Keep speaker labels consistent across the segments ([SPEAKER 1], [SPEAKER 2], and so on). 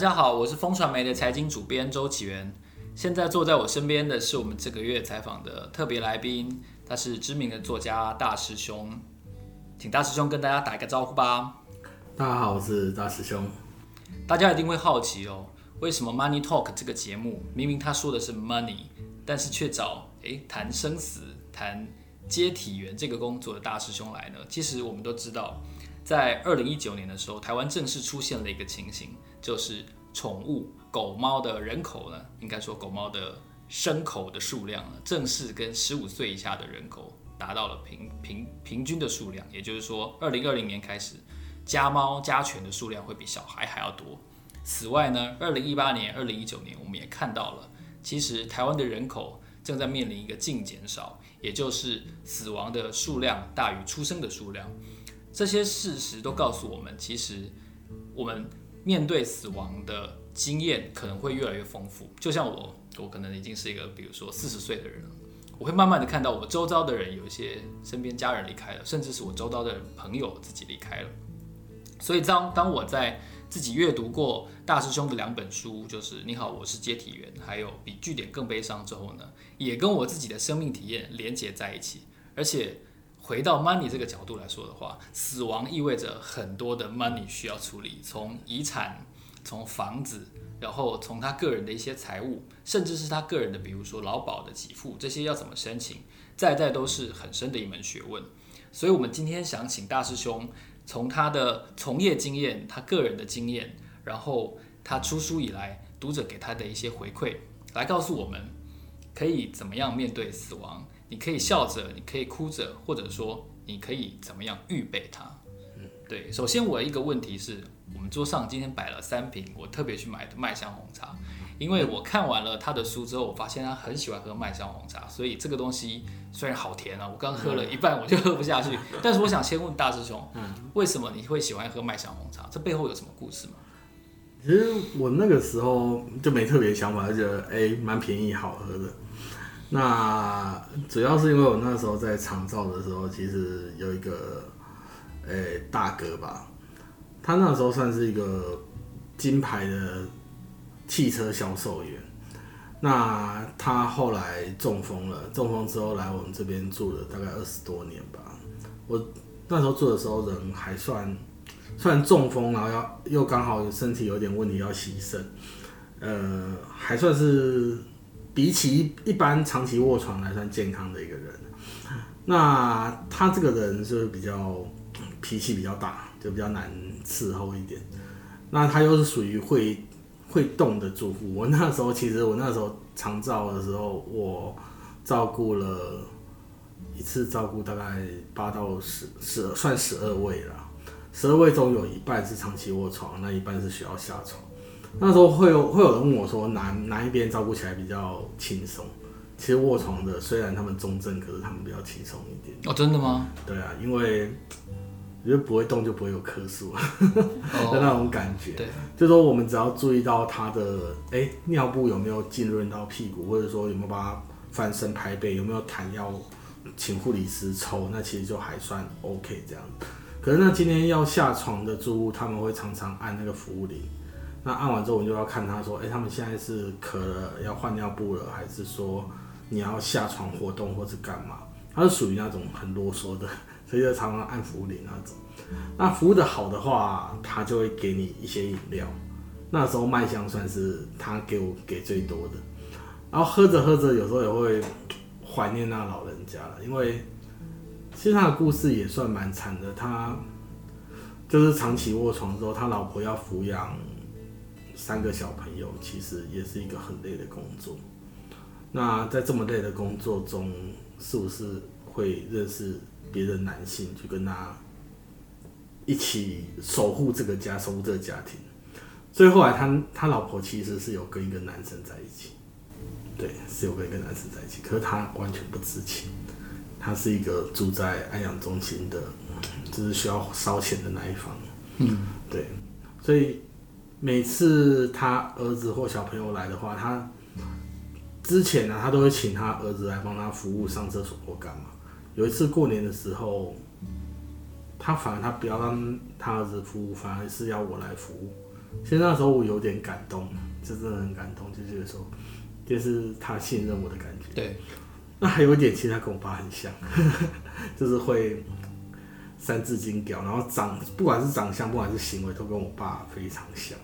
[SPEAKER 1] 大家好，我是風傳媒的財經主編周啟源。現在坐在我身邊的是我們這個月採訪的特別來賓，他是知名的作家大師兄，請大師兄跟大家打一個招呼吧。
[SPEAKER 2] 大家好，我是大師兄。
[SPEAKER 1] 大家一定會好奇哦，為什麼 Money Talk 這個節目明明他說的是 Money，但是卻找哎談生死、談接體員這個工作的大師兄來呢？其實我們都知道，在二零一九年的時候，台灣正式出現了一個情形。就是寵物狗貓的人口呢，應該說狗貓的牲口，的數量呢，正式跟十五歲以下的人口達到了平平平均的數量。也就是說，二零二零年開始，家貓家犬的數量會比小孩還要多。此外呢，二零一八年、二零一九年，我們也看到了，其實台灣的人口正在面臨一個淨減少，也就是死亡的數量大於出生的數量。這些事實都告訴我們，其實我們面對死亡的經驗可能會越來越豐富，就像我，我可能已經是一個，比如說四十歲的人了，我會慢慢的看到我周遭的人有一些身邊家人離開了，甚至是我周遭的朋友自己離開了。所以當當我在自己閱讀過大師兄的兩本書，就是《你好，我是接體員》，還有《比句點更悲傷》之後呢，也跟我自己的生命體驗連接在一起，而且。回到 money 這個角度來說的話，死亡意味着很多的 money 需要處理，從遺產，從房子，然後從他個人的一些財務，甚至是他個人的，比如說勞保的給付，這些要怎麼申請，在在都是很深的一門學問。所以，我們今天想請大師兄，從他的從業經驗，他個人的經驗，然後他出書以來讀者給他的一些回饋，來告訴我們可以怎麼樣面對死亡。你可以笑着，你可以哭着，或者說你可以怎麼樣預備它？嗯，對。首先，我的一個問題是，我們桌上今天擺了三瓶我特別去買的麥香紅茶，因為我看完了他的書之後，我發現他很喜歡喝麥香紅茶，所以這個東西雖然好甜啊，我剛喝了一半我就喝不下去。對但是我想先問大師兄，為什麼你會喜歡喝麥香紅茶？這背後有什麼故事嗎？其
[SPEAKER 2] 實我那個時候就沒特別想法，而且，哎，蠻便宜，好喝的。那主要是因為我那時候在長照的時候，其實有一個，誒、欸、大哥吧，他那時候算是一個金牌的汽車銷售員。那他後來中風了，中風之後來我們這邊住了大概二十多年吧。我那時候住的時候人還算，算中風，然後要又剛好身體有點問題要犧牲，呃，還算是。比起一般長期臥床來算健康的一個人，那他這個人就是比較脾氣比較大，就比較難伺候一點。那他又是屬於會會動的住戶。我那時候其實我那時候長照的時候，我照顧了一次照顧大概八到十十、算十二位啦，十二位中有一半是長期臥床，那一半是需要下床。那時候會有會有人問我說哪哪一邊照顧起來比較輕鬆？其實臥床的雖然他們重症，可是他們比較輕鬆一點。哦，真的嗎？對啊，因為我覺得不會動就不會有咳嗽、哦、 的那種感覺。對就說我們只要注意到他的哎、欸、尿布有沒有浸潤到屁股，或者說有沒有把他翻身拍背，有沒有痰要請護理師抽，那其實就還算 OK 這樣。可是那今天要下床的住戶，他們會常常按那個服務鈴。那按完之後，我就要看他說，哎、欸，他們現在是渴了，要換尿布了，還是說你要下床活動或是幹嘛？他是屬於那種很囉嗦的，所以就常常按服務鈴，那種。那服務的好的話，他就會給你一些飲料。那時候麥香算是他給我給最多的。然後喝着喝着，有時候也會懷念那老人家了，因為其實他的故事也算蠻慘的，他就是長期臥床之後，他老婆要撫養，三個小朋友，其實也是一個很累的工作。那在這麼累的工作中，是不是會認識別的男性，去跟他一起守護這個家，守護這個家庭？最後來他，他他老婆其實是有跟一個男生在一起，對，是有跟一個男生在一起，可是他完全不知情。他是一個住在安養中心的，就是需要燒錢的那一方。嗯，對，所以。每次他兒子或小朋友來的話，他之前呢、啊，他都會請他兒子來幫他服務上廁所或幹嘛。有一次過年的時候，他反而他不要讓他兒子服務，反而是要我來服務。其實那時候我有點感動，就真的很感動，就覺得說，就是他信任我的感覺。對，那還、啊、有一點其實他跟我爸很像，呵呵就是會三字經教，然後長不管是長相，不管是行為，都跟我爸非常像。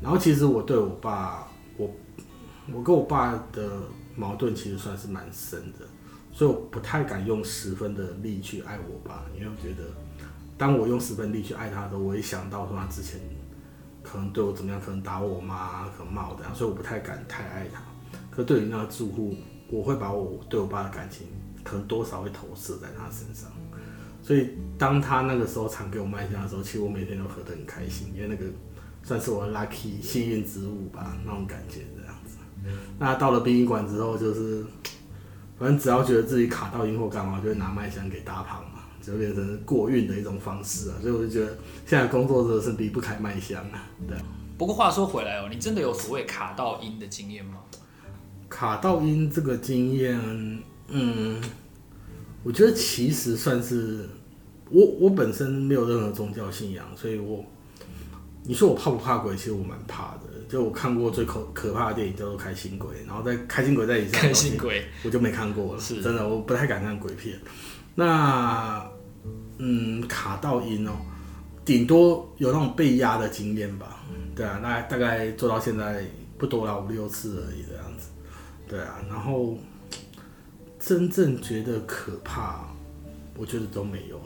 [SPEAKER 2] 然後其實我對我爸，我我跟我爸的矛盾其實算是蠻深的，所以我不太敢用十分的力去愛我爸，因為我覺得當我用十分力去愛他的時候，我一想到說他之前可能對我怎麼樣，可能打我媽，可能罵我這樣，所以我不太敢太愛他。可對於那個住戶，我會把我對我爸的感情，可能多少會投射在他身上。所以當他那個時候常給我麥香的時候，其實我每天都喝得很開心，因為那個。算是我 lucky 幸運之物吧，那種感覺這樣子。那到了殯儀館之後，就是反正只要覺得自己卡到陰或幹嘛，就會拿麥香給大胖嘛，就變成過運的一種方式啊。所以我就覺得現在工作真的是離不開麥香啊。
[SPEAKER 1] 對。不過話說回來哦、喔，你真的有所謂卡到陰的經驗嗎？
[SPEAKER 2] 卡到陰這個經驗，嗯，我覺得其實算是我我本身沒有任何宗教信仰，所以我。你說我怕不怕鬼？其實我蠻怕的。就我看過最可可怕的電影叫做《開心鬼》，然後在《開心鬼》在以上，《開心鬼》我就沒看過了。是真的，我不太敢看鬼片。那，嗯，卡到陰哦、喔，頂多有那種被壓的經驗吧。對啊，大概大概做到現在不多了五六次而已這樣子。對啊，然後真正覺得可怕，我覺得都沒有、欸、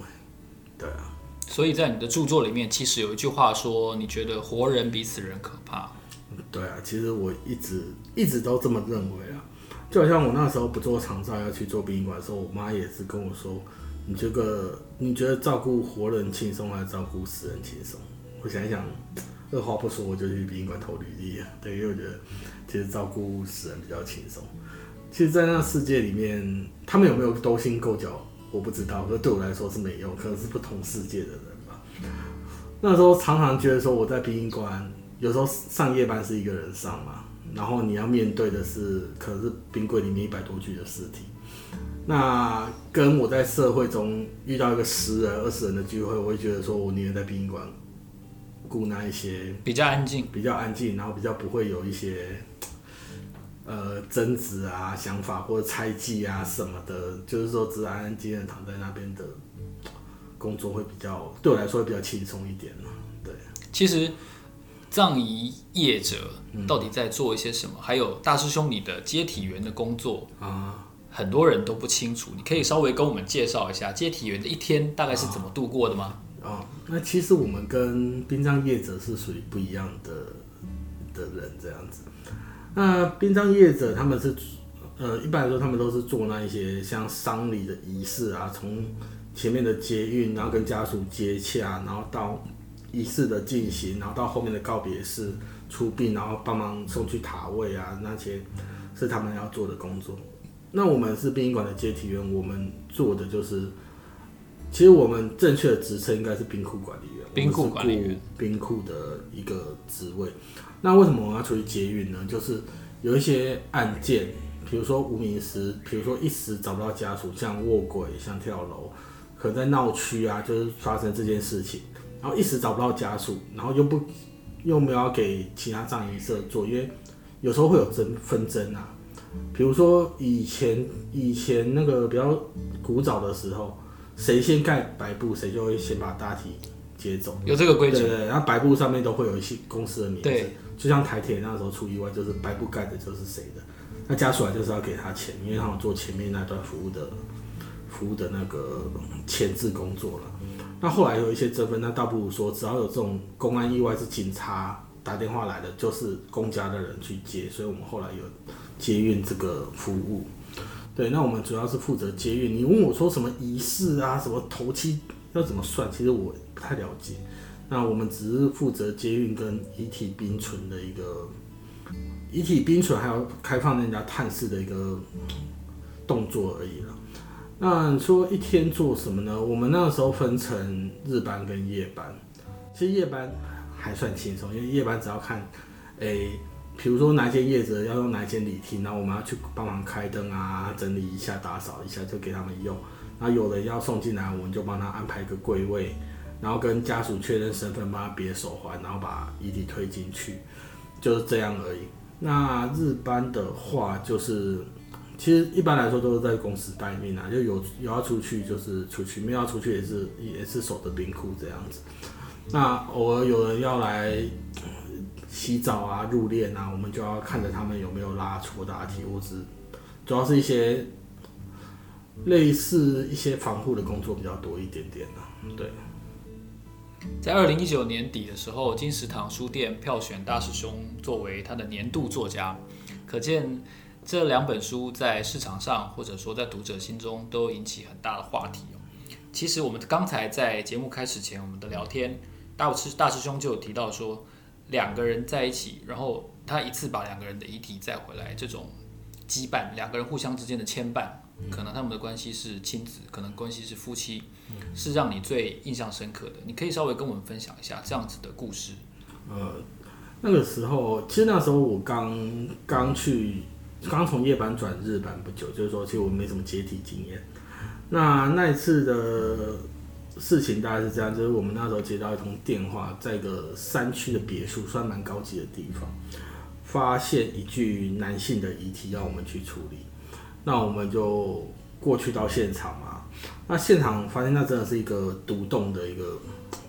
[SPEAKER 1] 對啊。所以在你的著作裡面，其實有一句話說，你覺得活人比死人可怕。對啊，
[SPEAKER 2] 其實我一直一直都這麼認為啊。就好像我那時候不做長照，要去做殯儀館的時候，我媽也是跟我說：“你覺得你覺得照顧活人輕鬆，還是照顧死人輕鬆？”我想一想，二話不說我就去殯儀館投履歷啊。對，因為我覺得其實照顧死人比較輕鬆。其實，在那世界裡面，他們有沒有勾心鬥角？我不知道，可是對我來說是沒用，可能是不同世界的人吧。那時候常常覺得說我在殯儀館，有時候上夜班是一個人上嘛，然後你要面對的是，可是冰櫃裡面一百多具的屍體。那跟我在社會中遇到一個十人、二十人的聚會，我會覺得說我寧願在殯儀館顧那一些比較安靜、比較安靜，然後比較不會有一些，呃，爭執啊，想法或者猜忌啊什麼的，嗯、就是說，只安安靜靜躺在那邊的工作會比較，對我來說會比
[SPEAKER 1] 較輕鬆一點嘛。對，其實葬儀業者到底在做一些什麼？嗯、還有大師兄你的接體員的工作啊，很多人都不清楚。你可以稍微跟我們介紹一下接體員的一天大概是怎麼度過的嗎
[SPEAKER 2] 啊？啊，那其實我們跟殯葬業者是屬於不一樣的的人這樣子。那殯葬業者他們是呃，一般來說他們都是做那一些像喪禮的儀式啊，從前面的接運，然後跟家屬接洽，然後到儀式的進行，然後到後面的告別式、出殯，然後幫忙送去塔位啊，那些是他們要做的工作。那我們是殯儀館的接體員，我們做的就是，其實我們正確的職稱應該是冰庫管理員，冰庫管理員，冰庫的一個職位。那為什麼我要出去接運呢？就是有一些案件，比如說無名屍，比如說一時找不到家屬，像臥軌、像跳樓，可能在鬧區啊，就是發生這件事情，然後一時找不到家屬，然後又不又沒有要給其他葬儀社做，因為有時候會有爭紛爭啊。比如說以前以前那個比較古早的時候，誰先蓋白布，誰就會先把大體接走，有這個規則。對，對對，然後白布上面都會有一些公司的名字。就像台鐵那時候出意外，就是白布蓋的，就是誰的，那家屬啊就是要給他錢，因為他有做前面那段服務的，服務的那個前置工作了。那後來有一些爭分，那倒不如說，只要有這種公安意外，是警察打電話來的，就是公家的人去接，所以我們後來有接運這個服務。對，那我們主要是負責接運。你問我說什麼儀式啊，什麼頭七要怎麼算，其實我不太了解。那我們只是負責接運跟遺體冰存的一個，遺體冰存還有開放人家探視的一個動作而已了。那說一天做什麼呢？我們那個時候分成日班跟夜班，其實夜班還算輕鬆，因為夜班只要看，誒，比如說哪間業者要用哪間禮廳，然後我們要去幫忙開燈啊，整理一下、打掃一下，就給他們用。那有人要送進來，我們就幫他安排一個櫃位。然後跟家屬確認身份，幫他別手環，然後把遺體推進去，就是這樣而已。那日班的話，就是其實一般來說都是在公司待命啊，就有有要出去就是出去，沒有要出去也是也是守着冰庫這樣子。那偶爾有人要來洗澡啊、入殮啊，我們就要看着他們有沒有拉出的遺物資，是主要是一些類似一些防護的工作比較多一點點呢、啊，
[SPEAKER 1] 對。在二零一九年底的時候，金石堂書店票選大師兄作為他的年度作家，可見這兩本書在市場上，或者說在讀者心中都引起很大的話題哦。其實我們剛才在節目開始前，我們的聊天，大師大師兄就有提到說，兩個人在一起，然後他一次把兩個人的遺體帶回來，這種羈絆，兩個人互相之間的牽絆。可能他們的關係是親子，可能關係是夫妻，是讓你最印象深刻的。你可以稍微跟我們分享一下這樣子的故事。
[SPEAKER 2] 呃，那個時候，其實那時候我剛剛去，剛從夜班轉日班不久，就是說，其實我沒什麼接體經驗。那那一次的事情大概是這樣，就是我們那時候接到一通電話，在一個山區的別墅，算蠻高級的地方，發現一具男性的遺體要我們去處理。那我們就過去到現場嘛、啊。那現場發現，那真的是一個獨棟的一個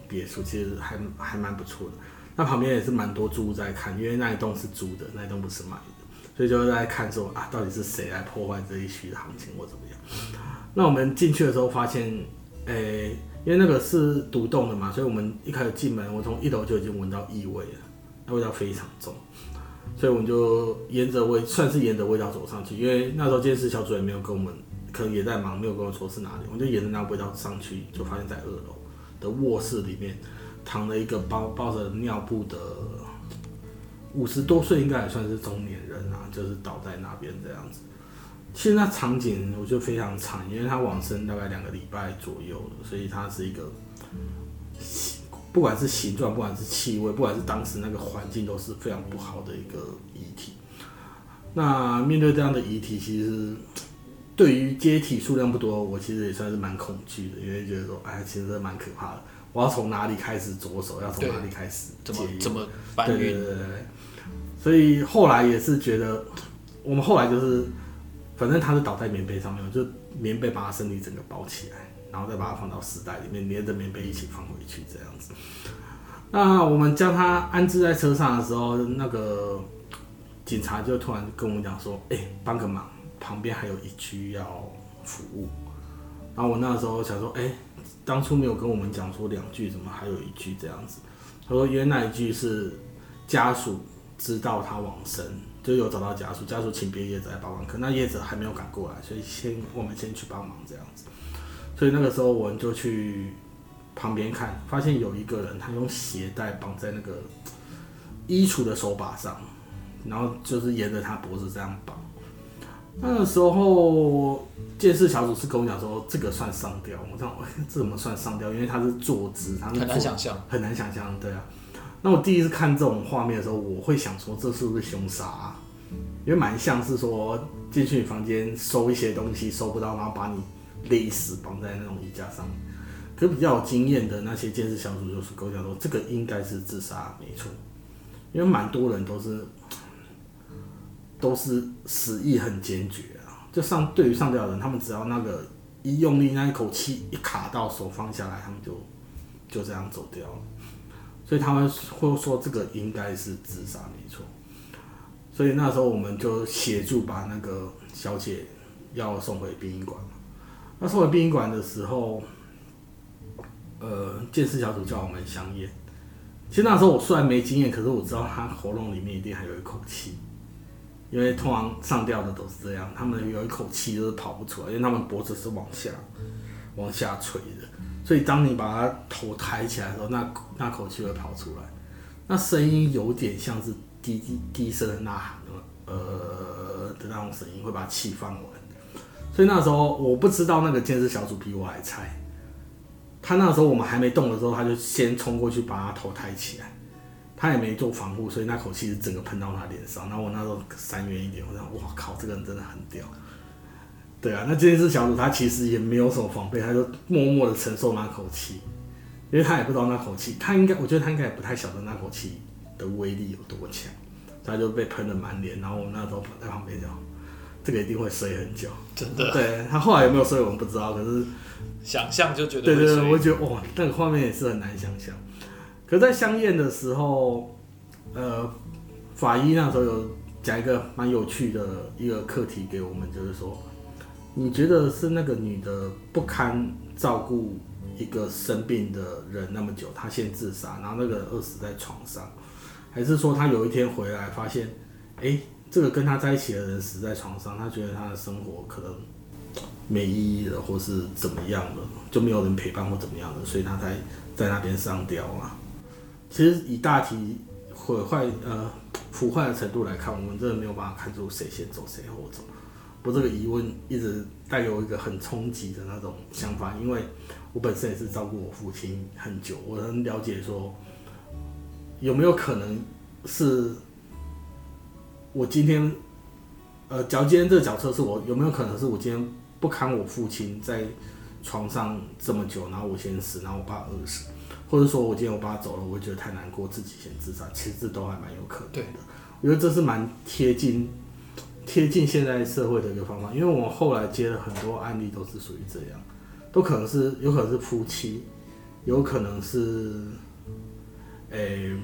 [SPEAKER 2] 別墅，其實還還蠻不錯的。那旁邊也是蠻多住在看，因為那一棟是租的，那一棟不是買的，所以就在看說啊，到底是誰來破壞這一區的行情，或怎麼樣？那我們進去的時候發現，誒、欸，因為那個是獨棟的嘛，所以我們一開始進門，我從一樓就已經聞到異味了，那味道非常重。所以我們就沿着味，算是沿着味道走上去，因為那時候鑑識小組也沒有跟我們，可能也在忙，沒有跟我們說是哪裡。我就沿着那個味道上去，就發現在二樓的臥室裡面，躺了一個包包着尿布的五十多歲，應該也算是中年人啊，就是倒在那邊這樣子。其實那場景我就非常慘，因為他往生大概兩個禮拜左右了，所以他是一個。嗯不管是形狀，不管是氣味，不管是當時那個環境，都是非常不好的一個遺體。那面對這樣的遺體，其實對於接體數量不多，我其實也算是蠻恐懼的，因為覺得說，哎，其實蠻可怕的。我要從哪裡開始着手？對要從哪裡開始接怎？怎麼怎麼搬運？對對對。所以後來也是覺得，我們後來就是，反正他是倒在棉被上面，就棉被把他身體整個包起來。然後再把它放到屍袋裡面，連着棉被一起放回去，這樣子。那我們將它安置在車上的時候，那個警察就突然跟我們講說：“哎、欸，幫個忙，旁邊還有一具要服務。”然後我那時候想說：“哎、欸，當初沒有跟我們講說兩具，怎麼還有一具這樣子？”他說：“原來那一具是家屬知道他往生，就有找到家屬，家屬請別業者來幫忙，可那業者還沒有趕過來，所以先我們先去幫忙這樣子。”所以那個時候我們就去旁邊看，發現有一個人，他用鞋帶綁在那個衣櫥的手把上，然後就是沿着他脖子這樣綁。那個時候，鑑識小組是跟我講說，這個算上吊。我講，哎，這怎麼算上吊？因為他是坐姿，他是很難想象，很難想象，對啊。那我第一次看這種畫面的時候，我會想說，這是不是凶殺啊？因為蠻像是說進去你房間收一些東西，收不到，然後把你。勒死，綁在那種衣架上。可比較有經驗的那些鑑識小組就是跟我講說，這個應該是自殺，沒錯。因為蠻多人都是都是死意很堅決啊，就上對於上吊的人，他們只要那個一用力，那一口氣一卡到手放下來，他們就就這樣走掉了。所以他們會說這個應該是自殺，沒錯。所以那時候我們就協助把那個小姐要送回殯儀館。他送到殯儀館的時候，呃，鑑識小組叫我們相驗。其實那時候我雖然沒經驗，可是我知道他喉嚨裡面一定還有一口氣，因為通常上吊的都是這樣，他們有一口氣就是跑不出來，因為他們脖子是往下往下垂的，所以當你把他頭抬起來的時候，那那口氣會跑出來，那聲音有點像是低低聲的吶喊的，呃的那種聲音，會把氣放完。所以那時候我不知道那個監視小組比我還菜，他那時候我們還沒動的時候，他就先衝過去把他頭抬起來，他也沒做防護，所以那口氣是整個噴到他臉上。然後我那時候閃遠一點，我想哇靠，這個人真的很屌。對啊，那監視小組他其實也沒有什麼防備，他就默默的承受那口氣，因為他也不知道那口氣，他應該我覺得他應該也不太曉得那口氣的威力有多強，他就被噴的滿臉。然後我那時候在旁邊講。這個一定會睡很久，真的。對他後來有沒有睡，我們不知道。可是想象就覺得，對，對對，我覺得哇，那個畫面也是很難想象。可是在相驗的時候，呃，法醫那時候有講一個蠻有趣的一個課題給我們，就是說，你覺得是那個女的不堪照顧一個生病的人那麼久，她先自殺，然後那個餓死在床上，還是說她有一天回來發現，哎、欸？這個跟他在一起的人死在床上，他覺得他的生活可能沒意義了，或是怎麼樣了，就沒有人陪伴或怎麼樣了，所以他才在，在那邊上吊啊。其實以大體毀壞、呃腐壞的程度來看，我們真的沒有辦法看出誰先走誰後走。我這個疑問一直帶有一個很衝擊的那種想法，因為我本身也是照顧我父親很久，我很了解說有沒有可能是。我今天，呃，假如今天這個角色是我，有沒有可能是我今天不堪我父親在床上這麼久，然後我先死，然後我爸餓死，或者說我今天我爸走了，我覺得太難過，自己先自殺。其實這都還蠻有可能的。對我覺得這是蠻貼近貼近現在社會的一個方法，因為我後來接了很多案例都是屬於這樣，都可能是有可能是夫妻，有可能是，誒、欸，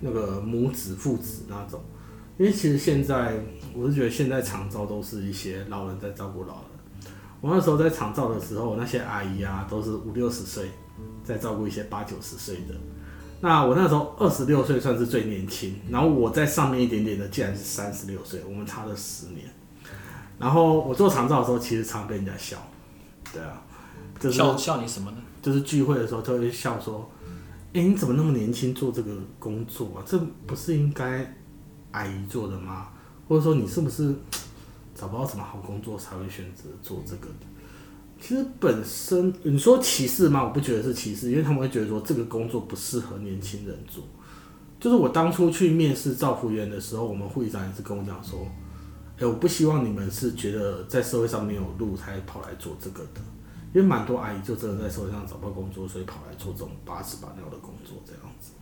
[SPEAKER 2] 那個母子父子那種。因為其實現在，我是覺得現在長照都是一些老人在照顧老人。我那時候在長照的時候，那些阿姨啊，都是五六十歲，在照顧一些八九十歲的。那我那時候二十六歲算是最年輕，然後我在上面一點點的，竟然是三十六歲，我們差了十年。然後我做長照的時候，其實常常被人家笑，對啊，就是笑笑你什麼呢？就是聚會的時候就會笑說，欸，你怎麼那麼年輕做這個工作啊？這不是應該。阿姨做的嗎？或者說你是不是找不到什麼好工作才會選擇做這個？其實本身你說歧視嗎？我不覺得是歧視，因為他們會覺得說這個工作不適合年輕人做。就是我當初去面試照服員的時候，我們護士長也是跟我講說：“哎、欸，我不希望你們是覺得在社會上沒有路才跑來做這個的，因為蠻多阿姨就真的在社會上找不到工作，所以跑來做這種把屎把尿的工作這樣子。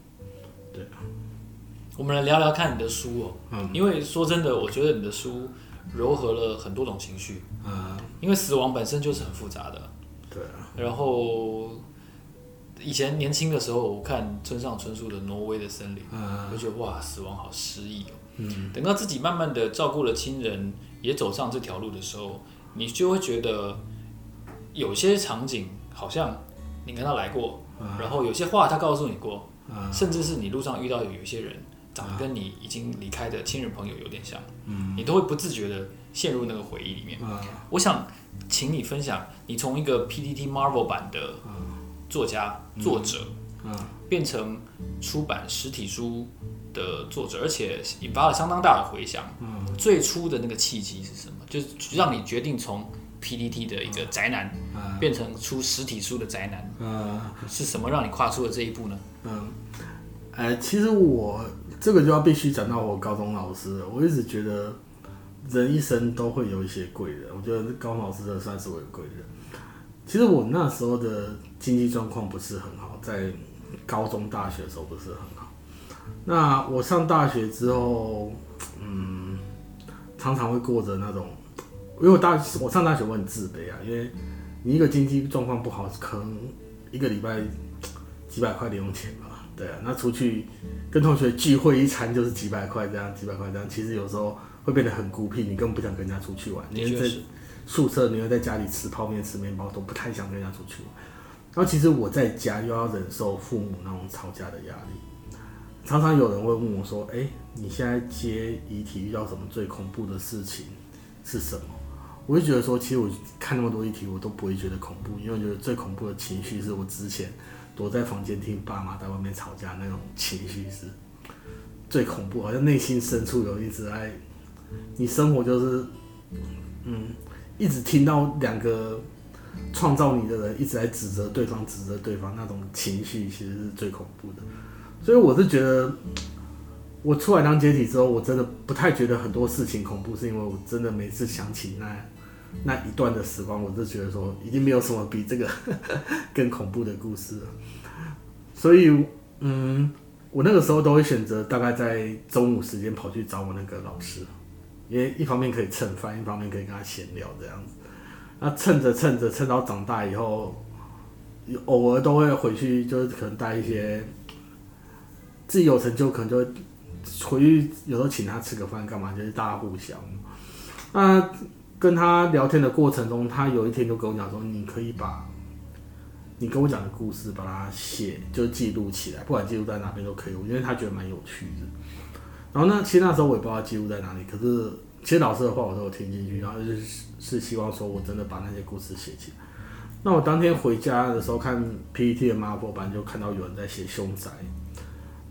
[SPEAKER 1] 對”對啊。我們來聊聊看你的書哦，因為說真的，我覺得你的書糅合了很多種情緒。因為死亡本身就是很複雜的。對。然後以前年輕的時候，我看村上春樹的《挪威的森林》，我覺得哇，死亡好詩意哦。嗯。等到自己慢慢的照顧了親人，也走上這條路的時候，你就會覺得有些場景好像你跟他來過，然後有些話他告訴你過，甚至是你路上遇到有一些人。長得跟你已經離開的親人朋友有點像，嗯，你都會不自覺的陷入那個回憶裡面。嗯、我想請你分享，你從一個 PTT Marvel 版的作家、嗯、作者，嗯，嗯變成出版實體書的作者，而且引發了相當大的回響。嗯，最初的那個契機是什麼？就是讓你決定從 PTT 的一個宅男，嗯、變成出實體書的宅男。嗯，是什麼讓你跨出了這一步呢？嗯，
[SPEAKER 2] 哎、欸，其實我。這個就要必須講到我高中老師了。我一直覺得人一生都會有一些貴人，我覺得高中老師也算是我的貴人。其實我那時候的經濟狀況不是很好，在高中、大學的時候不是很好。那我上大學之後，嗯，常常會過着那種，因為我大我上大學我很自卑啊，因為你一個經濟狀況不好，可能一個禮拜幾百塊零用錢嘛。對啊，那出去跟同學聚會一餐就是幾百塊這樣，幾百塊這樣。其實有時候會變得很孤僻，你根本不想跟人家出去玩。你人在宿舍，你又在家裡吃泡麵吃麵包，都不太想跟人家出去玩。然後其實我在家又要忍受父母那種吵架的壓力，常常有人會問我說：“哎、欸，你現在接遺體遇到什麼最恐怖的事情是什麼？”我就覺得說，其實我看那麼多遺體，我都不會覺得恐怖，因為我覺得最恐怖的情緒是我之前。躲在房間聽爸媽在外面吵架那種情緒是最恐怖，好像內心深處有一直在，你生活就是，嗯，一直聽到兩個創造你的人一直在指責對方，指責對方那種情緒，其實是最恐怖的。所以我是覺得，我出來當接體之後，我真的不太覺得很多事情恐怖，是因為我真的每次想起那。那一段的時光，我就覺得說，已經沒有什麼比這個更恐怖的故事了。所以，嗯，我那個時候都會選擇大概在中午時間跑去找我那個老師，因為一方面可以蹭飯，一方面可以跟他閒聊這樣子，那趁著趁著。那蹭着蹭着，蹭到長大以後，偶爾都會回去，就是可能帶一些自己有成就，可能就會回去，有時候請他吃個飯幹嘛，就是大家互相。啊。跟他聊天的過程中，他有一天就跟我講說：“你可以把你跟我講的故事，把它寫，就記錄起來，不管記錄在哪邊都可以。”我因為他覺得蠻有趣的。然後呢，其實那時候我也不知道記錄在哪裡。可是，其實老師的話我都有聽進去。然後就是是希望說，我真的把那些故事寫起來。那我當天回家的時候，看 PTT 的 Marvel 板就看到有人在寫凶宅。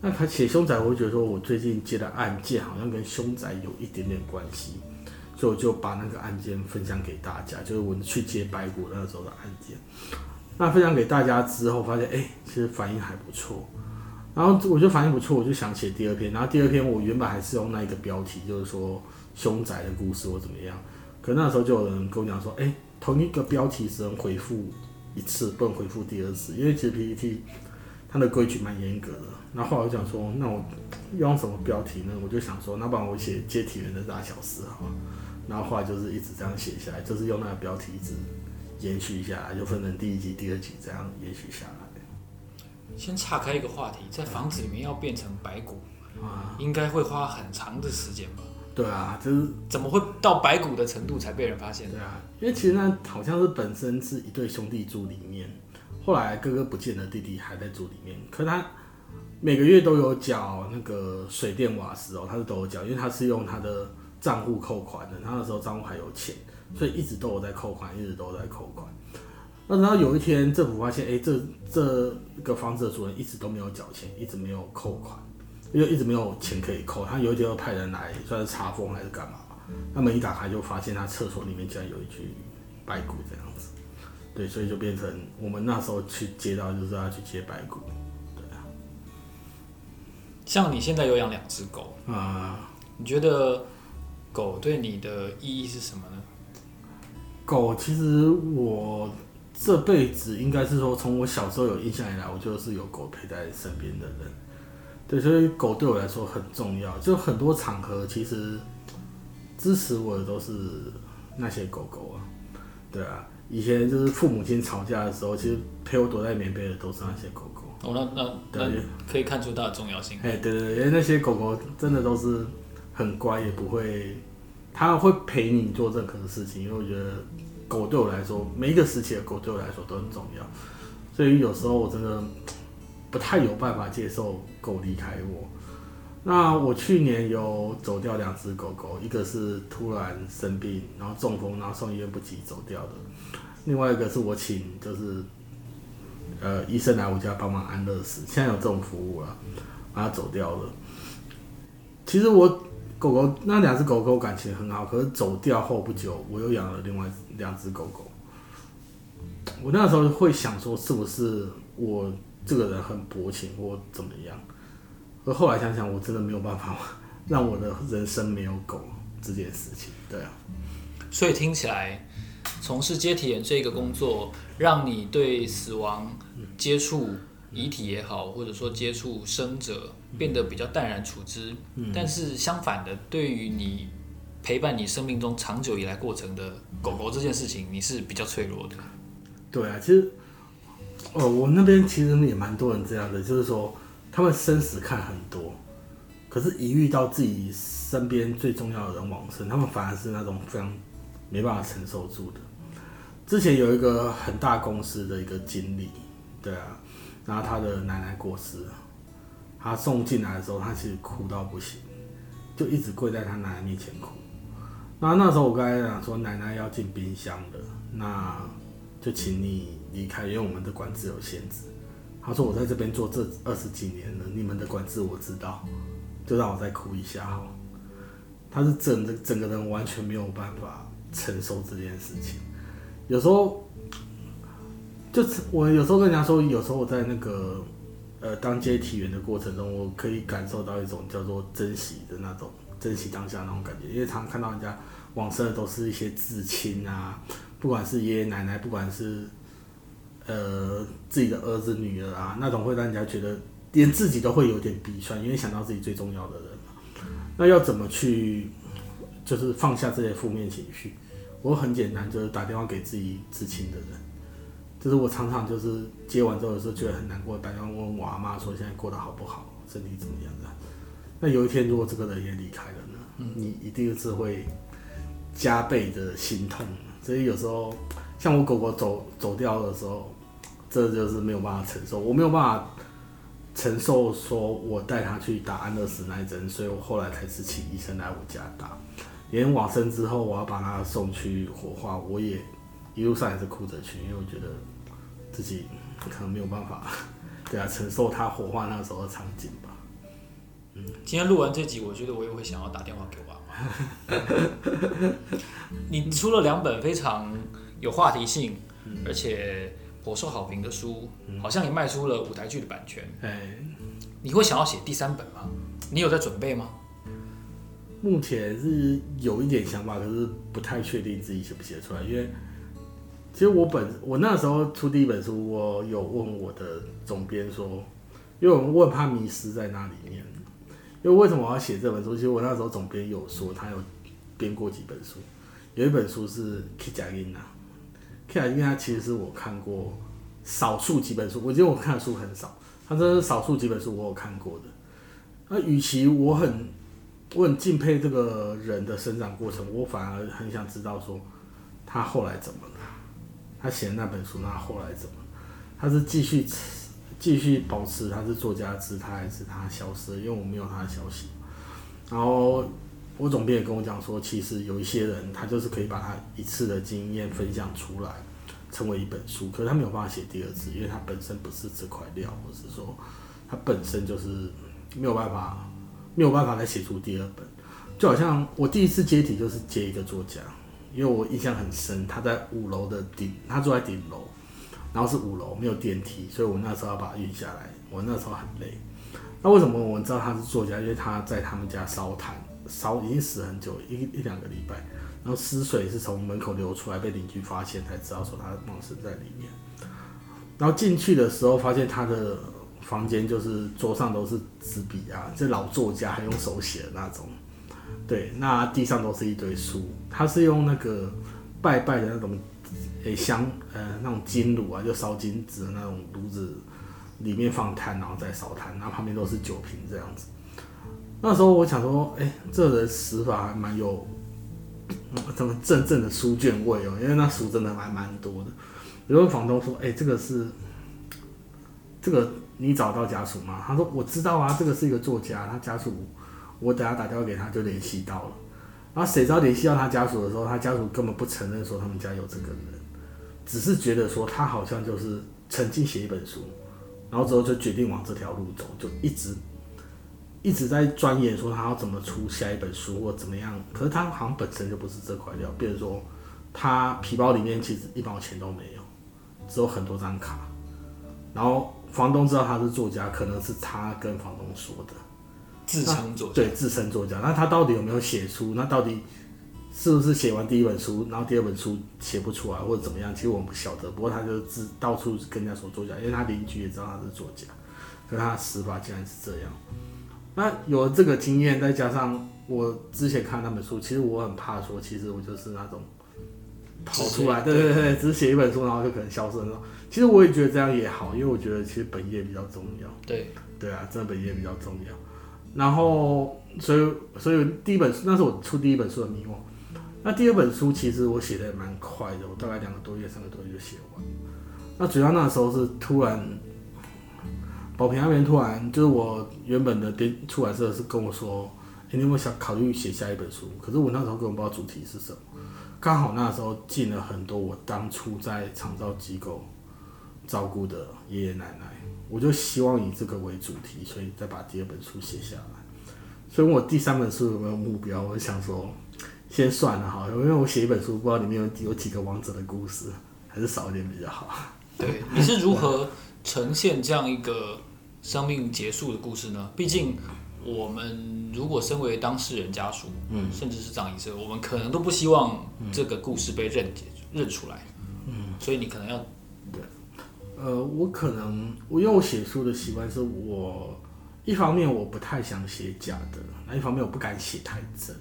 [SPEAKER 2] 那他寫凶宅，我覺得說我最近接的案件好像跟凶宅有一點點關係。就就把那個案件分享給大家，就是我去接白骨那時候的案件。那分享給大家之後，發現哎、欸，其實反應還不錯。然後我就反應不錯，我就想寫第二篇。然後第二篇我原本還是用那一個標題，就是說凶宅的故事或怎麼樣。可那時候就有人跟我講說，哎、欸，同一個標題只能回覆一次，不能回覆第二次，因為其實 PTT 它的規矩蠻嚴格的。然後，後來我就講說，那我用什麼標題呢？我就想說，那幫我寫接體員的大小事，好不然後後來就是一直這樣寫下來，就是用那個標題一直延續下來，就分成第一集、第二集這樣延續下來。
[SPEAKER 1] 先岔開一個話題，在房子裡面要變成白骨，嗯、啊，應該會花很長的時間吧？
[SPEAKER 2] 對啊，就
[SPEAKER 1] 是怎麼會到白骨的程度才被人發現呢？對啊，因為其實那好像是本
[SPEAKER 2] 身是一對兄弟住裡面，後來哥哥不見了，弟弟還在住裡面，可他每個月都有繳那個水電瓦斯哦，他是都有繳，因為他是用他的。賬戶扣款的，然後那時候賬戶還有錢，所以一直都有在扣款，一直都在扣款。那然後有一天，政府發現，哎，這這一個房子的主人一直都沒有繳錢，一直沒有扣款，因為一直沒有錢可以扣。他有一天就派人來，算是查封還是幹嘛？他們一打開就發現他廁所裡面竟然有一具白骨，這樣子。對，所以就變成我們那時候去接到，就是要去接白骨。對
[SPEAKER 1] 啊。像你現在有養兩隻狗啊？嗯，你覺得？狗對你的意義是什麼呢？狗其實我
[SPEAKER 2] 這輩子應該是說，從我小時候有印象以來，我就是有狗陪在身邊的人。對，所以狗對我來說很重要。就很多場合，其實支持我的都是那些狗狗啊。對啊，以前就是父母親吵架的時候，其實陪我躲在棉被的都是那些狗狗。哦，
[SPEAKER 1] 那那那可以看出它的重要性。哎，
[SPEAKER 2] 對對，因為那些狗狗真的都是。很乖，也不會，他會陪你做任何的事情，因為我覺得狗對我來說，每一個時期的狗對我來說都很重要，所以有時候我真的不太有辦法接受狗離開我。那我去年有走掉兩隻狗狗，一個是突然生病，然後中風，然後送醫院不及走掉的。另外一個是我請就是呃醫生來我家幫忙安樂死，現在有這種服務了，然後走掉了。其實我。狗狗那兩隻狗狗感情很好，可是走掉後不久，我又養了另外兩隻狗狗。我那時候會想說，是不是我這個人很薄情，或怎麼樣？而後來想想，我真的沒有辦法讓我的人生沒有狗這件事情。
[SPEAKER 1] 對啊，所以聽起來，從事接體人這個工作，讓你對死亡接觸遺體也好，或者說接觸生者，變得比較淡然處之，嗯、但是相反的，對於你陪伴你生命中長久以來過程的狗狗這件事情，你是比較脆弱的。
[SPEAKER 2] 對啊，其實，哦、我那邊其實也蠻多人這樣的，就是說他們生死看很多，可是，一遇到自己身邊最重要的人往生，他們反而是那種非常沒辦法承受住的。之前有一個很大公司的一個經理，對啊，然後他的奶奶過世。他送進來的時候，他其實哭到不行，就一直跪在他奶奶面前哭。那那時候我跟他講說，奶奶要進冰箱的，那就請你離開，因為我們的管制有限制。他說，我在這邊做這二十幾年了，你們的管制我知道，就讓我再哭一下好。他是整的整個人完全沒有辦法承受這件事情。有時候，就我有時候跟人家說，有時候我在那個。呃，當接體員的過程中，我可以感受到一種叫做珍惜的那種，珍惜當下那種感覺。因為常常看到人家往生的都是一些至親啊，不管是爺爺奶奶，不管是呃自己的兒子女兒啊，那種會讓人家覺得連自己都會有點鼻酸，因為想到自己最重要的人嘛。那要怎麼去就是放下這些負面情緒？我很簡單，就是打電話給自己至親的人。就是我常常就是接完之後的時候覺得很難過，大家問我阿媽說現在過得好不好，身體怎麼樣？那那有一天如果這個人也離開了呢，你一定是會加倍的心痛。所以有時候像我狗狗走走掉的時候，這就是沒有辦法承受，我沒有辦法承受說我帶他去打安樂死那一針，所以我後來才是請醫生來我家打。連往生之後我要把他送去火化，我也一路上也是哭着去，因為我覺得。自己可能沒有辦法，對啊，承受他火化那時
[SPEAKER 1] 候的場景吧。嗯、今天錄完這集，我覺得我也會想要打電話給我爸。 你出了兩本非常有話題性，嗯、而且頗受好評的書，好像也賣出了舞台劇的版權。哎、嗯，你會想要寫第三本嗎？嗯、你有在準備嗎？目前是
[SPEAKER 2] 有一點想法，可是不太確定自己寫不寫出來，因為。其實我本我那時候出第一本書，我有問我的總編說，因為我很怕迷失在那裡面。因為為什麼我要寫這本書？其實我那時候總編有說，他有編過幾本書，有一本書是乞丐囡仔，乞丐囡仔其實是我看過少數幾本書。我覺得我看的書很少，他這是少數幾本書我有看過的。那、啊，與其我很我很敬佩這個人的生長過程，我反而很想知道說他後來怎麼了。他寫的那本書，那後來怎麼？他是繼續繼續保持他是作家姿態，他還是他消失？因為我沒有他的消息。然後我總編也跟我講說，其實有一些人，他就是可以把他一次的經驗分享出來，嗯、成為一本書，可是他沒有辦法寫第二次，因為他本身不是這塊料，或是說他本身就是沒有辦法，沒有辦法再寫出第二本。就好像我第一次接體就是接一個作家。因為我印象很深，他在五樓的頂，他住在頂樓，然後是五樓沒有電梯，所以我那時候要把他運下來。我那時候很累。那為什麼我知道他是作家？因為他在他們家燒炭，燒已經死很久，一一兩個禮拜，然後屍水是從門口流出來，被鄰居發現才知道說他往生在裡面。然後進去的時候，發現他的房間就是桌上都是紙筆啊，這老作家還用手寫的那種。對，那地上都是一堆書，他是用那個拜拜的那種，誒、欸、香，呃，那種金爐啊，就燒金紙的那種爐子，裡面放炭，然後再燒炭，然後旁邊都是酒瓶這樣子。那時候我想說，誒、欸，這個、人死法還蠻有，怎麼陣陣的書卷味哦、喔，因為那書真的還蠻多的。有個房東說，誒、欸，這個是，這個你找到家屬嗎？他說，我知道啊，這個是一個作家，他家屬。我等下打電話給他就聯繫到了，然後誰知道聯繫到他家屬的時候，他家屬根本不承認說他們家有這個人，只是覺得說他好像就是曾經寫一本書，然後之後就決定往這條路走，就一直一直在鑽研說他要怎麼出下一本書或怎麼樣。可是他好像本身就不是這塊料，比如說他皮包裡面其實一毛錢都沒有，只有很多張卡。然後房東知道他是作家，可能是他跟房東說的。自稱作家，對，自稱作家。那他到底有沒有寫書？那到底是不是寫完第一本書，然後第二本書寫不出來，或者怎麼樣？其實我們不曉得。不過他就是自到處跟人家說作家，因為他鄰居也知道他是作家。可是他死法竟然是這樣。那有了這個經驗，再加上我之前看那本書，其實我很怕說，其實我就是那種跑出來，對對對，只寫一本書，然後就可能消失了。其實我也覺得這樣也好，因為我覺得其實本業比較重要。對對啊，真的本業比較重要。然後，所以，所以第一本書，那是我出第一本書的迷惘。那第二本書，其實我寫的也蠻快的，我大概兩個多月、三個多月就寫完。那主要那時候是突然，寶瓶那邊突然就是我原本的電出版社是跟我說，哎、欸，你有沒有想考慮寫下一本書？可是我那時候根本不知道主題是什麼。剛好那時候進了很多我當初在長照機構照顧的爺爺奶奶。我就希望以這個為主題，所以再把第二本書寫下來。所以問我第三本書有沒有目標，我就想說，先算了，好，因為我寫一本書不知道裡面有有幾個亡者的故事，還是少一點
[SPEAKER 1] 比較好。對，你是如何呈現這樣一個生命結束的故事呢？畢竟我們如果身為當事人家屬，嗯，甚至是長醫生，我們可能都不希望這個故事被認解、嗯、認出來。嗯，所以你可能要。
[SPEAKER 2] 呃，我可能我因為我寫書的習慣是我一方面我不太想寫假的，那一方面我不敢寫太真，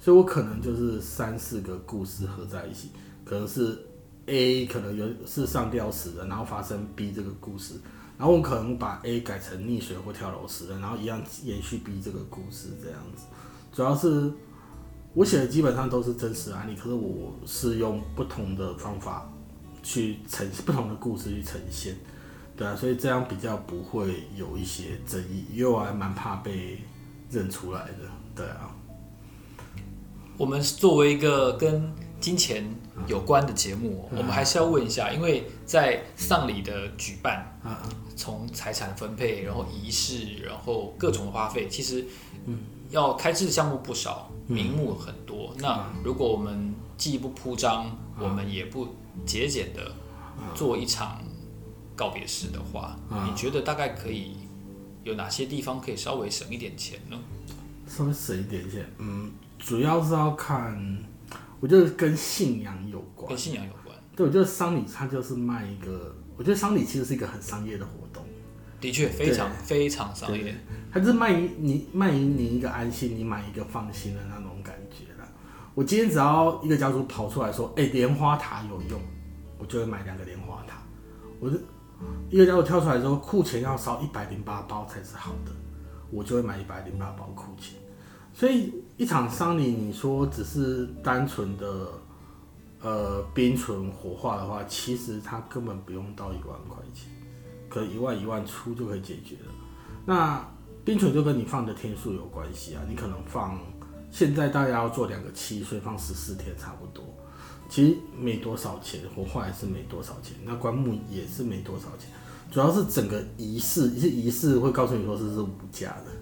[SPEAKER 2] 所以我可能就是三四個故事合在一起，可能是 A 可能有是上吊死的，然後發生 B 這個故事，然後我可能把 A 改成溺水或跳樓死的，然後一樣延續 B 這個故事這樣子。主要是我寫的基本上都是真實案例，可是我是用不同的方法。去呈現不同的故事去呈現，對啊，所以這樣比較不會有一些爭議，
[SPEAKER 1] 因為我還蠻怕被認出來的，對啊。我們作為一個跟金錢有關的節目，啊、我們還是要問一下，嗯、因為在喪禮的舉辦，從財、嗯、產分配，然後儀式，然後各種花費，嗯、其實要開支的項目不少，名、嗯、目很多。嗯、那如果我們既不鋪張，嗯、我們也不，節儉的做一場告別式的話，嗯嗯、你覺得大概可以有哪些地方可以稍微省一點錢呢？
[SPEAKER 2] 稍微省一點錢，嗯，主要是要看，我覺得跟信仰有關。跟信仰有關。對，我覺得喪禮它就是賣一個，我覺得喪禮其實是一個很商業的活動。
[SPEAKER 1] 的確非常非常商業，
[SPEAKER 2] 它是賣你賣你一個安心，你買一個放心的那種。我今天只要一個家族跑出來說，哎、欸，蓮花塔有用，我就會買兩個蓮花塔。我是一個家族跳出來之後，庫錢要燒一百零八包才是好的，我就會買一百零八包庫錢。所以一場喪禮，你說只是單純的呃冰存火化的話，其實它根本不用到一萬塊錢，可能一萬一萬出就可以解決了。那冰存就跟你放的天數有關係啊，你可能放。現在大家要做兩個七，所以放十四天差不多，其實沒多少錢，火化也是沒多少錢，那棺木也是沒多少錢，主要是整個儀式，一些儀式會告訴你說是不是無價的，
[SPEAKER 1] 啊、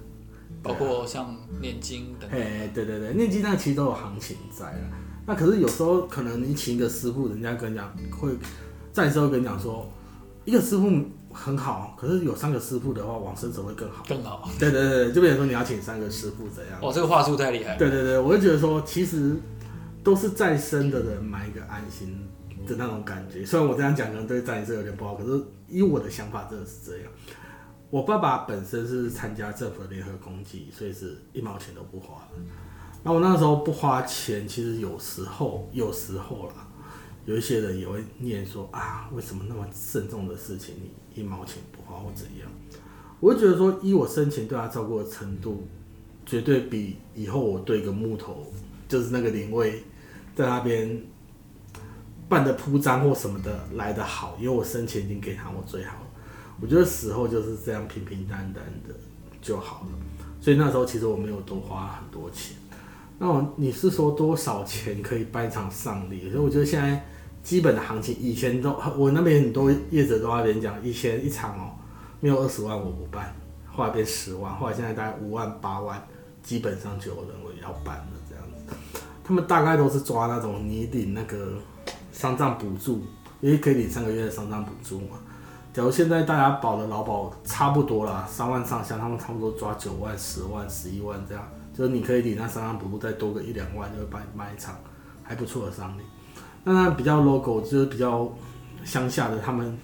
[SPEAKER 1] 包括像念經等,等的。哎、嗯，對對對，念經那
[SPEAKER 2] 其實都有行情在了。那可是有時候可能你請一個師傅，人家跟你講會，在時候跟你講說一個師傅。很好，可是有三個師傅的話，往生者會更好。更好。 對對對，就比如說你要請三個師傅這樣？哦，這個話術太厲害了。對對對，我就覺得說，其實都是在生的人買一個安心的那種感覺。雖然我這樣講，可能對在生有點不好，可是以我的想法，真的是這樣。我爸爸本身是參加政府的聯合公祭，所以是一毛錢都不花。那、嗯、我那時候不花錢，其實有時候，有時候啦，有一些人也會念說啊，為什麼那麼慎重的事情你？一毛錢不花或怎樣，我就覺得說，依我生前對他照顧的程度，絕對比以後我對個木頭，就是那個靈位，在那邊辦的鋪張或什麼的來得好，因為我生前已經給他我最好，我覺得死後就是這樣平平淡淡的就好了。所以那時候其實我沒有多花很多錢。那我，你是說多少錢可以辦一場喪禮？所以我覺得現在。基本的行情，以前都我那邊很多業者都在那邊講，一千一場哦、喔，沒有二十萬我不辦，後來變十萬，後來現在大概五萬八萬，基本上就有人要辦了這樣子。他們大概都是抓那種你領那個喪葬補助，因為可以領三個月的喪葬補助嘛。假如現在大家保的勞保差不多啦，三萬上下，像他們差不多抓九萬、十萬、十一萬這樣，就是你可以領那喪葬補助再多個一兩萬，就會辦賣一場還不錯的商品。那他比較 logo 就是比較鄉下的，他們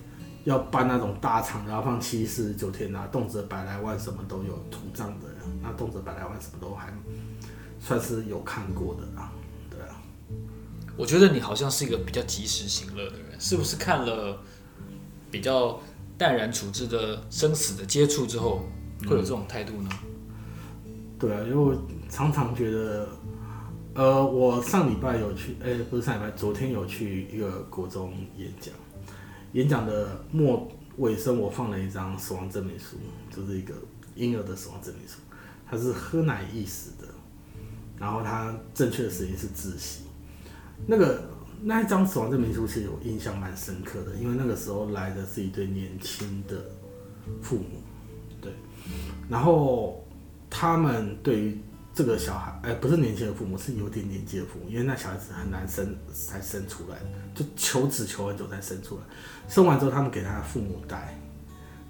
[SPEAKER 2] 要辦那種大廠，然後放七七四十九天啊，動輒百來萬，什麼
[SPEAKER 1] 都有，土葬的人。那動輒百來萬，什麼都還算是有看過的啊。對啊，我覺得你好像是一個比較及時行樂的人，嗯、是不是看了比較淡然處之的生死的接觸之後，嗯、會有這種態度呢？
[SPEAKER 2] 對啊，因為我常常覺得。呃，我上禮拜有去，哎、欸，不是上禮拜，昨天有去一個國中演講。演講的末尾聲，我放了一張死亡證明書，就是一個嬰兒的死亡證明書，他是喝奶噎死的，然後他正確的死因是窒息。那個那一張死亡證明書其實我印象蠻深刻的，因為那個時候來的是一對年輕的父母，對，然後他們對於。這個小孩哎，不是年輕的父母，是有點年紀的父母，因為那小孩子很難生，才生出來的，就求子求很久才生出來。生完之後，他們給他的父母帶，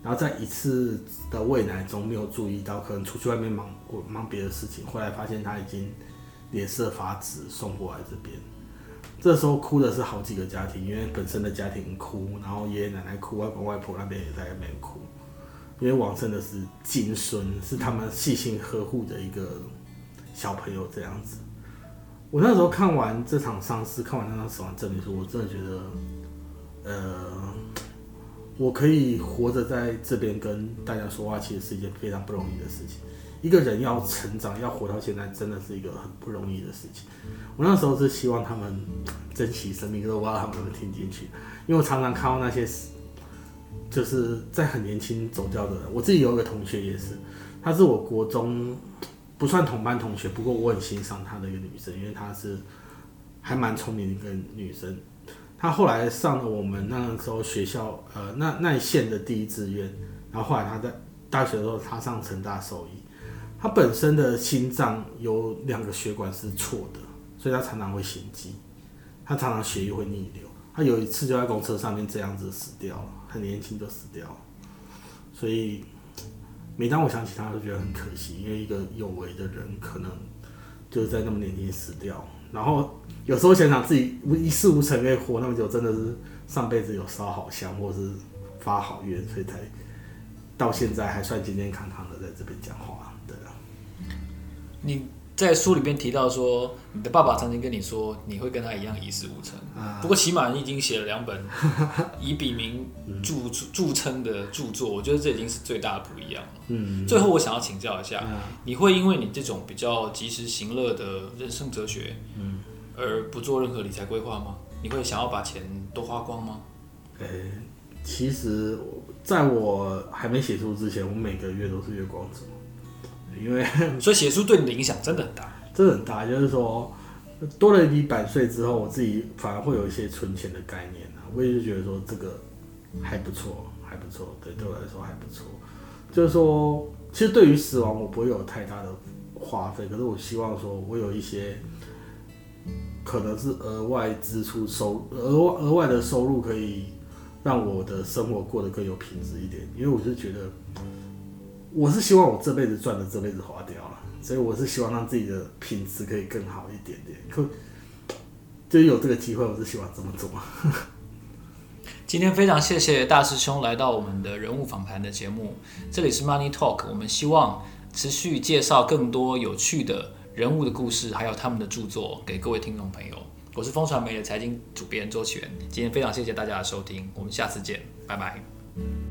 [SPEAKER 2] 然後在一次的餵奶中沒有注意到，可能出去外面忙過忙別的事情，後來發現他已經臉色發紫，送過來這邊。這時候哭的是好幾個家庭，因為本身的家庭哭，然後爺爺奶奶哭，外公外婆那邊也在那邊哭，因為往生的是金孫，是他們細心呵護的一個。小朋友這樣子，我那時候看完這場喪事，看完那張死亡證明書，我真的覺得，呃，我可以活着在這邊跟大家說話，其實是一件非常不容易的事情。一個人要成長，要活到現在，真的是一個很不容易的事情。我那時候是希望他們珍惜生命，我不知道他們能不能聽進去，因為我常常看到那些就是在很年輕走掉的人。我自己有一個同學也是，他是我國中，不算同班同學，不過我很欣賞她的一個女生，因為她是還蠻聰明的一個女生。她後來上了我們那個時候學校，呃，那那一縣的第一志願。然後後來她在大學的時候，她上成大獸醫。她本身的心臟有兩個血管是錯的，所以她常常會心悸，她常常血液會逆流。她有一次就在公車上面這樣子死掉了，很年輕就死掉了。所以。每當我想起他，都覺得很可惜，因為一個有為的人，可能就是在那麼年輕死掉。然後有時候想想自己一事無成，也活那麼久，真的是上輩子有燒好香，或是發好願，所以才到現在還算健健康康的在
[SPEAKER 1] 這邊講話。對啊。你。在書裡面提到說，你的爸爸曾經跟你說，你會跟他一樣一事無成。啊、不過起碼你已經寫了兩本以筆名著 著稱的著作，我覺得這已經是最大的不一樣了。嗯。最後我想要請教一下，嗯、你會因為你這種比較及時行樂的人生哲學，嗯，而不做任何理財規劃嗎？你會想要把錢都花光嗎？欸、
[SPEAKER 2] 其實在我還沒寫書之前，我每個月都是月光族。因為，所以寫書對你的影響真的很大，真的很大。就是說，多了一筆版稅之後，我自己反而會有一些存錢的概念、啊、我一直就覺得說，這個還不錯，還不錯。對對我來說還不錯。就是說，其實對於死亡，我不會有太大的花費。可是我希望說，我有一些可能是額外支出收額外額外的收入，可以讓我的生活過得更有品質一點。因為我就覺得。我是希望我這輩子賺的這輩子花掉了，所以我是希望讓自己的品質可以更好一點點。可就有這個機會，我是希望這麼做。
[SPEAKER 1] 今天非常謝謝大師兄來到我們的人物訪談的節目，這裡是 Money Talk，我們希望持續介紹更多有趣的人物的故事，還有他們的著作給各位聽眾朋友。我是風傳媒的財經主編周岐原，今天非常謝謝大家的收聽，我們下次見，拜拜。